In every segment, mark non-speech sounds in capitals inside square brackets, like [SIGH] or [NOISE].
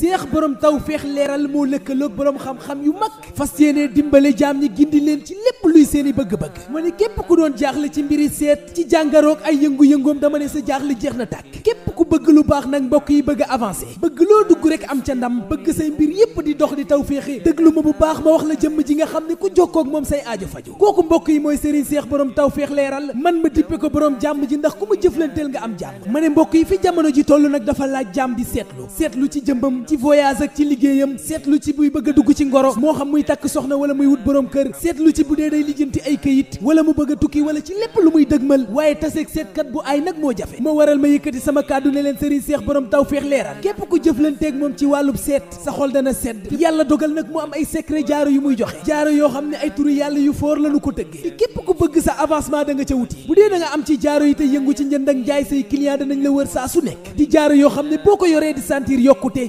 seex borom taw feex leeral moo lëkkaloog borom xam-xam yu mag fas yéene dimbale jaam ñi gindi leen ci lépp luy seeni bëgg-bëgg ma ne képp ku doon jaaxle ci mbiri seet ci jàngaroog ay yëngu-yëngoom dama ne sa jaaxle jeex na tàkk képp ku bëgg lu baax nag mbokk yi bëgg a bëgg loo dugg rek am ca ndam bëgg say mbir yépp di dox di taw féexe dëglu ma bu baax ma wax la jëmm ji nga xam ne ku jokkoo moom say aajo faju kooku mbokk yi mooy Serigne Seex borom taw feex leeral man ma dippe ko borom jàmm ji ndax ku ma jëflanteel nga am jàmm ma ne mbokk yi fi jamono ji toll nag dafa laaj jàmm di seetlu seetlu ci jëmbam ci voyage ak ci liggéeyam seetlu ci buy bëgg dugg ci ngoro moo xam muy takk soxna wala muy wut borom kër seetlu ci bu dee day lijjanti ay këyit wala mu bëgg tukki wala ci lépp lu muy dëgmal waaye taseeg seetkat bu ay nag moo jafe moo waral ma yëkkati sama kàddu ne leen sëriñ seex borom taw feex leeral képp ku jëflanteeg moom ci wàllub seet sa xol dana sedd yàlla dogal nag mu am ay secret jaaro yu muy joxe jaaro yoo xam ne ay turu yàlla yu foor lanu ko tëggee képp ku bëgg sa avancement da nga ca wuti bu am ci jaaro yi te yëngu ci njënd ak jaay say client danañ la wër saa su nekk di jaaro yoo xam ne boo ko yoree di sentir yokkute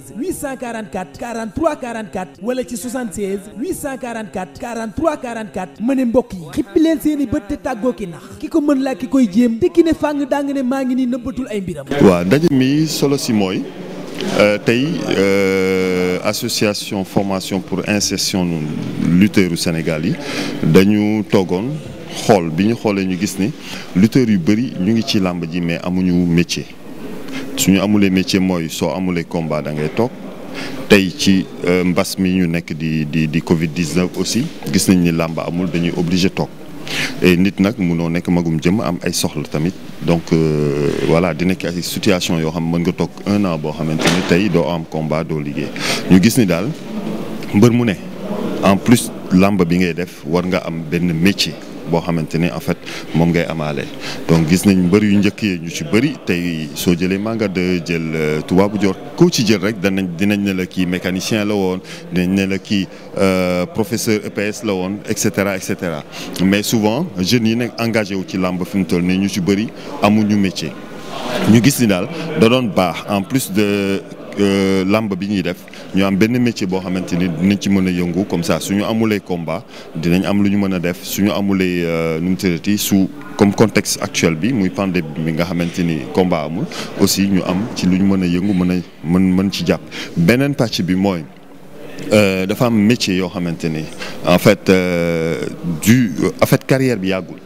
76 844 43 44 wala ci 76 844 43 44 ma ne mbokk yi xippi leen seen i bët te tàggoo ki nax ki ko mën laa ki koy jéem te ki ne fàng daa nga ne maa ngi nii nëbbatul ay mbiram. waaw ndaje mi solo si mooy. Euh, tey euh, association formation pour insertion lutteurs yu Sénégal yi dañu toogoon xool bi ñu xoolee ñu gis ni lutteurs yu bëri ñu ngi ci làmb ji mais amuñu métier. su ñu amulee métier mooy soo amulee combat da ngay toog tey ci euh, mbas mi ñu nekk di di di Covid 19 aussi gis nañ ni làmb amul dañuy obligé toog et nit nag noo nekk magum jëm am ay soxla tamit donc euh, di nekk ay situation yoo xam mën nga toog un an boo xamante ni tey doo am combat doo liggéey ñu gis ni daal mbër mu ne en plus làmb bi ngay def war nga am benn métier. boo xamante ne en fait moom ngay amaale donc gis nañ bëri yu njëkk yi ñu ci bëri tey soo jëlee manga de jël euh, tubaabu joor ko ci jël rek danañ dinañ ne la kii mécanicien la woon dinañ ne la kii euh, professeur EPS la woon et cetera et cetera mais souvent jeunes yi nag engagé wu ci làmb fi mu toll nii ñu ci bëri amuñu métier ñu gis ni daal da doon baax en plus de euh, làmb bi ñuy def. ñu am benn métier boo xamante ni dinañ ci mën a yëngu comme ça suñu amulee combat dinañ am lu ñu mën a def suñu amulee euh, nu mu tëddati su comme contexte actuel bi muy pandémie bi nga xamante ni combat amul aussi ñu am ci lu ñu mën a yëngu mën a mën mën ci jàpp beneen pàcc bi mooy. Euh, dafa am métier yoo xamante ni en fait euh, du en fait carrière bi yàggul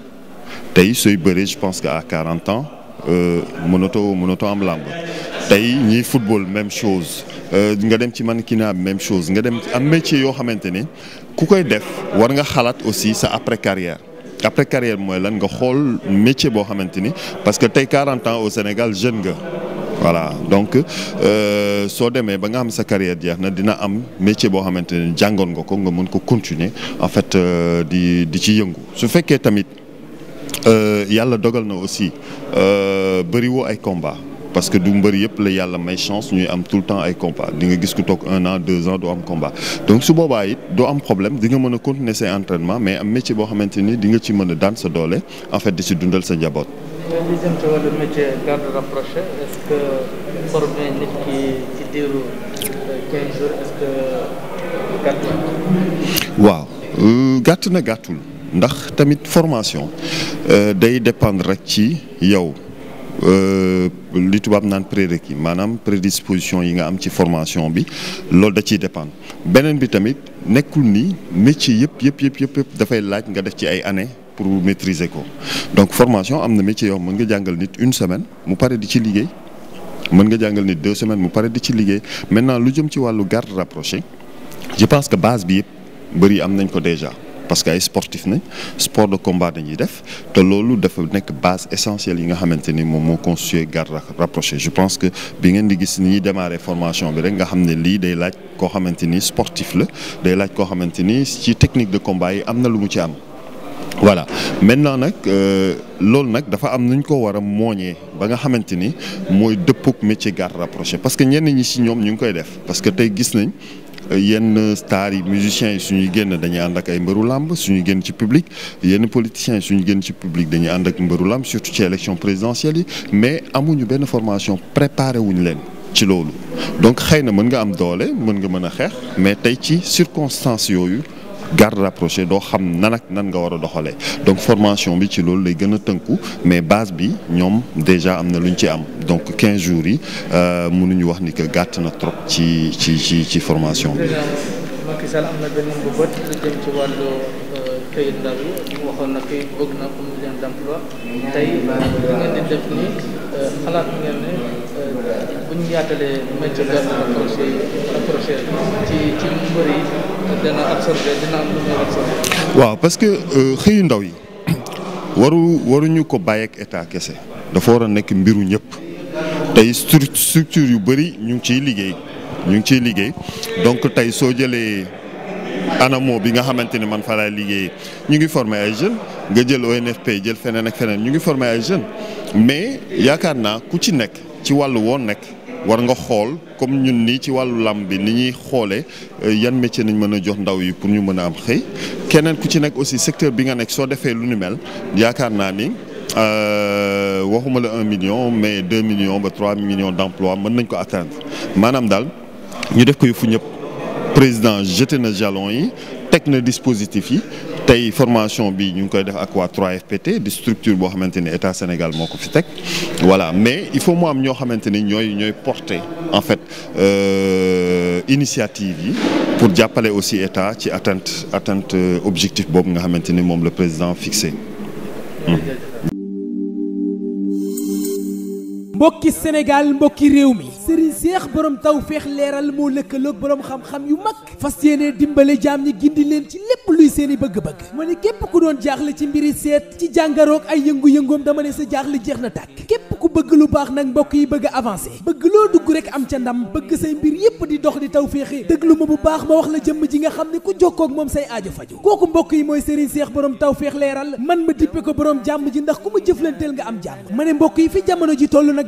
tey sooy bëree je pense que à 40 ans euh, mënatoo mënatoo am làmb tey ñiy football même chose Euh, nga dem ci man mannequinat même chose nga dem am métier yoo xamante ne ku koy def war nga xalaat aussi sa après carrière après carrière mooy lan nga xool métier boo xamante ni parce que tey 40 ans au Sénégal jeune nga. voilà donc euh, soo demee ba nga xam sa carrière jeex na dina am métier boo xamante ne jàngoon nga ko nga mën ko continuer en fait euh, di di ci yëngu su fekkee tamit yàlla dogal na aussi bëriwoo ay combat parce que du mbër yëpp la yàlla may chance ñuy am tout le temps ay combat di nga gis ku toog un an doo am combat donc su boobaa it doo am problème di nga mën a continuer say entraînement mais am métier boo xamante ni di nga ci mën a daan sa doole en fet di ci dundal sa njaboot. li euh, gàtt na. waaw euh, gàtt na gàttul ndax tamit formation euh, day dépendre rek ci yow. li tubaab naan prérequis maanaam prédisposition yi nga am ci formation bi loolu da ciy dépendre beneen bi tamit nekkul ni métier yëpp yëpp yëpp yëpp dafay laaj nga def ci ay années pour maîtriser ko donc formation am na métier yoo mën nga jàngal nit une semaine mu pare di ci liggéey mën nga jàngal nit deux semaines mu pare di ci liggéey maintenant lu jëm ci wàllu garde rapprochée je pense que base bi yëpp bëri am nañ ko déjà. parce que ay sportif nañ sport de combat dañuy def te loolu dafa nekk base essentielle yi nga xamante ni moom moo constitué garde rapproché je pense que bi ngeen di gis ni ñuy formation bi rek nga xam ne lii day laaj koo xamante ni sportif la day laaj koo xamante ni ci technique de combat yi am na lu mu ci am. voilà maintenant nag euh, loolu nag dafa am nuñ ko war a mooñee ba nga xamante ni mooy dëppook métier garde rapproché parce que ñenn ñi ci ñoom ñu ngi koy def parce que tey gis nañ. yenn stars yi musiciens yi suñuy génn dañu ànd ak ay mbaru làmb suñuy génn ci public yenn politiciens yi suñuy génn ci public dañuy ànd ak mbëru làmb surtout ci élection présidentielle yi mais amuñu benn formation préparé wuñu leen ci loolu donc xëy na mën nga am doole mën nga mën a xeex mais tey ci circonstances yooyu garde rapproché doo xam nan ak nan nga war a doxalee donc formation bi ci loolu lay gën a tënku mais base bi ñoom déjà am na lu ñu ci am donc 15 jours yi euh, mënuñu wax ni que gàtt na trop ci ci ci ci formation bi. Macky am na benn bu bët lu jëm ci wàllu euh, këyit ndaw yi waxoon na këyit bëgg na pour ñu leen d'emploi tey ngeen di def nii euh, xalaat ngeen ne. bu ñu yaatalee métier de rapproché rapproché ci ci mbër yi dana absorbé dina am lu muy absorbé. waaw parce que euh, xëyu ndaw yi [CLEARS THROAT] waru waruñu ko bàyyeek ak kese dafa war a nekk mbiru ñëpp tey structure yu bëri ñu ngi ciy liggéey ñu ngi ciy liggéey donc tey soo jëlee ANAMO bi nga xamante ni man fa laay liggéey ñu ngi formé ay jeunes nga jël ONFP jël feneen ak feneen ñu ngi formé ay jeunes mais yaakaar naa ku ci nekk. ci wàllu woon nekk war nga xool comme ñun nii ci wàllu làmb bi ni ñuy xoolee euh, yan métier nañ mën a jox ndaw yi pour ñu mën a am xëy keneen ku ci nekk aussi secteur bi nga nekk soo defee lu ni mel yaakaar naa ni euh, waxuma la un million mais deux million ba trois million d'emplois mën nañ ko atteindre maanaam daal ñu def ko yëfu ñëpp président jete na jalon yi teg na dispositif yi tey formation bi ñu ngi koy def ak waa 3FPT di structure boo xamante ni état Sénégal moo ko fi teg voilà mais il faut mu am ñoo xamante ni ñooy ñooy porter en fait euh, initiative yi pour jàppale aussi état ci atteinte atteinte euh, objectif boobu nga xamante ni moom le président fixé. Mmh. mbokki Sénégal mbokki réew mi Serigne seex borom taw feex leeral moo lëkkaloog borom xam-xam yu mag fas yéene dimbale jaam ñi gindi leen ci lépp luy seen i bëgg-bëgg ma ne képp ku doon jaaxle ci mbiri seet ci jàngaroog ay yëngu-yëngoom dama ne sa jaaxle jeex na tàkk képp ku bëgg lu baax nag yi bëgg a bëgg loo dugg rek am ca ndam bëgg say mbir yépp di dox di taw féexe déglu ma bu baax ma wax la jëmm ji nga xam ne ku jokkoo ak moom say aajo faju kooku mbokk yi mooy Serigne Cheikh borom taw feex leeral man ma dippe ko borom jàmm ji ndax ku ma jëflanteel nga am jàmm ma ne mbokk yi fi jamono ji toll nag